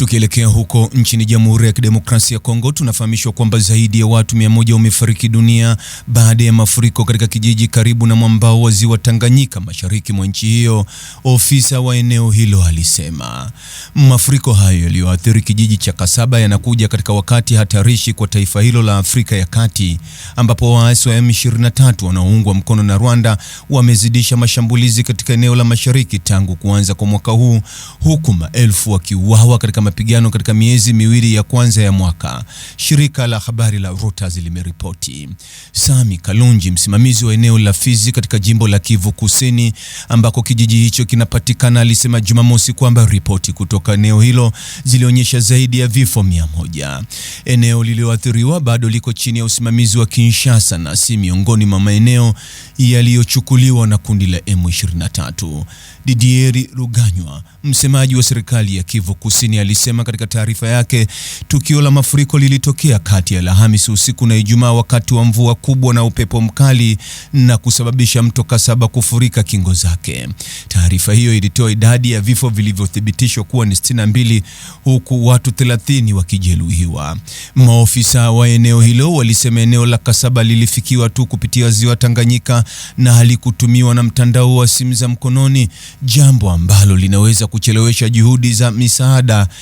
Tukielekea huko nchini Jamhuri ya Kidemokrasia ya Kongo, tunafahamishwa kwamba zaidi ya watu moja wamefariki dunia baada ya mafuriko katika kijiji karibu na mwambao wa Ziwa Tanganyika mashariki mwa nchi hiyo, ofisa wa eneo hilo alisema. Mafuriko hayo yaliyoathiri kijiji cha Kasaba yanakuja katika wakati hatarishi kwa taifa hilo la Afrika ya Kati, ambapo waasi wa M23 wanaoungwa mkono na Rwanda wamezidisha mashambulizi katika eneo la mashariki tangu kuanza kwa mwaka huu, huku maelfu wakiuawa katika mapigano katika miezi miwili ya kwanza ya mwaka, shirika la habari la Reuters limeripoti. Sami Kalunji, msimamizi wa eneo la Fizi katika jimbo la Kivu Kusini ambako kijiji hicho kinapatikana, alisema Jumamosi kwamba ripoti kutoka eneo hilo zilionyesha zaidi ya vifo mia moja. Eneo lililoathiriwa bado liko chini ya usimamizi wa Kinshasa na si miongoni mwa maeneo yaliyochukuliwa na kundi la M23. Didieri Ruganywa, msemaji wa serikali ya Kivu Kusini, alisema ilisema katika taarifa yake, tukio la mafuriko lilitokea kati ya Alhamisi usiku na Ijumaa wakati wa mvua kubwa na upepo mkali na kusababisha mto Kasaba kufurika kingo zake. Taarifa hiyo ilitoa idadi ya vifo vilivyothibitishwa kuwa ni 62 huku watu 30 wakijeruhiwa. Maofisa wa eneo hilo walisema eneo la Kasaba lilifikiwa tu kupitia ziwa Tanganyika na halikutumiwa na mtandao wa simu za mkononi, jambo ambalo linaweza kuchelewesha juhudi za misaada